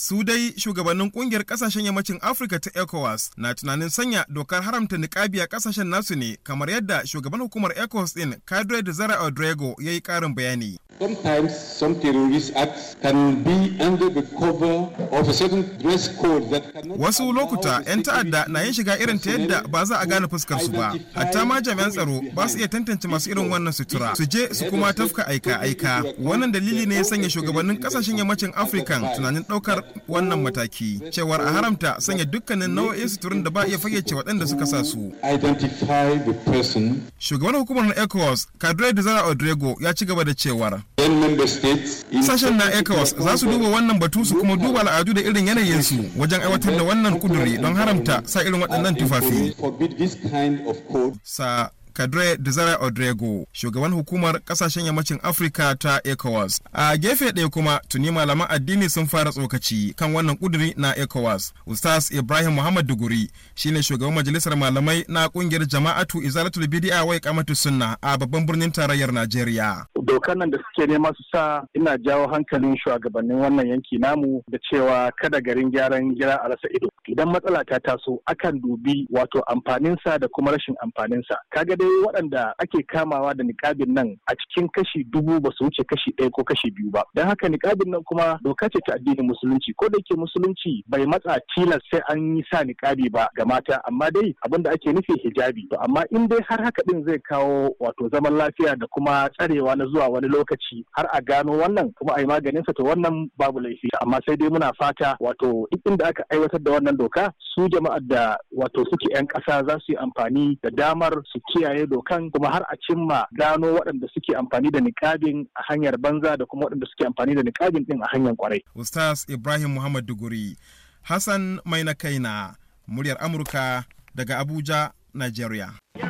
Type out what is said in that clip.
Su dai shugabannin kungiyar kasashen yammacin Afirka ta ECOWAS na tunanin sanya dokar haramta niƙabi a kasashen nasu ne kamar yadda shugaban hukumar ECOWAS din Kadre da Zara Odrego ya yi ƙarin bayani. Sometimes some terrorist acts can be under the cover of a certain dress code that cannot Wasu lokuta 'yan ta'adda na yin shiga irin ta yadda ba za a gane fuskar su ba. Hatta ma jami'an tsaro ba su iya tantance masu irin wannan sutura. Su je su kuma tafka aika aika. Wannan dalili ne ya sanya shugabannin kasashen yammacin African tunanin ɗaukar wannan mataki. Cewar a haramta sanya dukkanin nau'o'in suturin da ba iya fayyace waɗanda suka sa su. Shugaban hukumar na ECOWAS, Kadre Dezara Odrego ya ci gaba da cewar Sashen na ECOWAS za su duba wannan batu su kuma duba al'adu da irin yanayinsu wajen aiwatar da wannan kuduri don haramta sa irin waɗannan tufafi. Sa Kadre Desire Odrego, shugaban hukumar kasashen yammacin Afirka ta ECOWAS. A gefe ɗaya kuma tuni malaman addini sun fara tsokaci kan wannan kuduri na ECOWAS. Ustaz Ibrahim Muhammad Duguri shine shugaban majalisar malamai na kungiyar Jama'atu Izalatul a wai kamatu sunna a babban birnin tarayyar Najeriya. dokar nan da suke nema su sa ina jawo hankalin shugabannin wannan yanki namu da cewa kada garin gyaran gira a rasa ido idan matsala ta taso akan dubi wato amfanin sa da kuma rashin amfanin amfaninsa kaga dai waɗanda ake kamawa da niƙabin nan a cikin kashi dubu ba su wuce kashi ɗaya ko kashi biyu ba don haka niƙabin nan kuma doka ce ta addinin musulunci ko da yake musulunci bai matsa tilas sai an yi sa niƙabi ba ga mata amma dai abin da ake nufi hijabi to amma in dai har haka din zai kawo wato zaman lafiya da kuma tsarewa na zuwa wani lokaci har a gano wannan kuma a yi maganinsa to wannan babu laifi amma sai dai muna fata wato duk inda aka aiwatar da wannan doka su jama'ar da wato suke 'yan ƙasa za su yi amfani da damar su kiyaye dokan kuma har a cimma gano waɗanda suke amfani da niƙabin a hanyar banza da kuma waɗanda suke amfani da niƙabin ɗin a hanyar kwarai. Ustaz Ibrahim Muhammad Duguri, Hassan Maina Kaina, muryar Amurka daga Abuja, Nigeria. Yeah.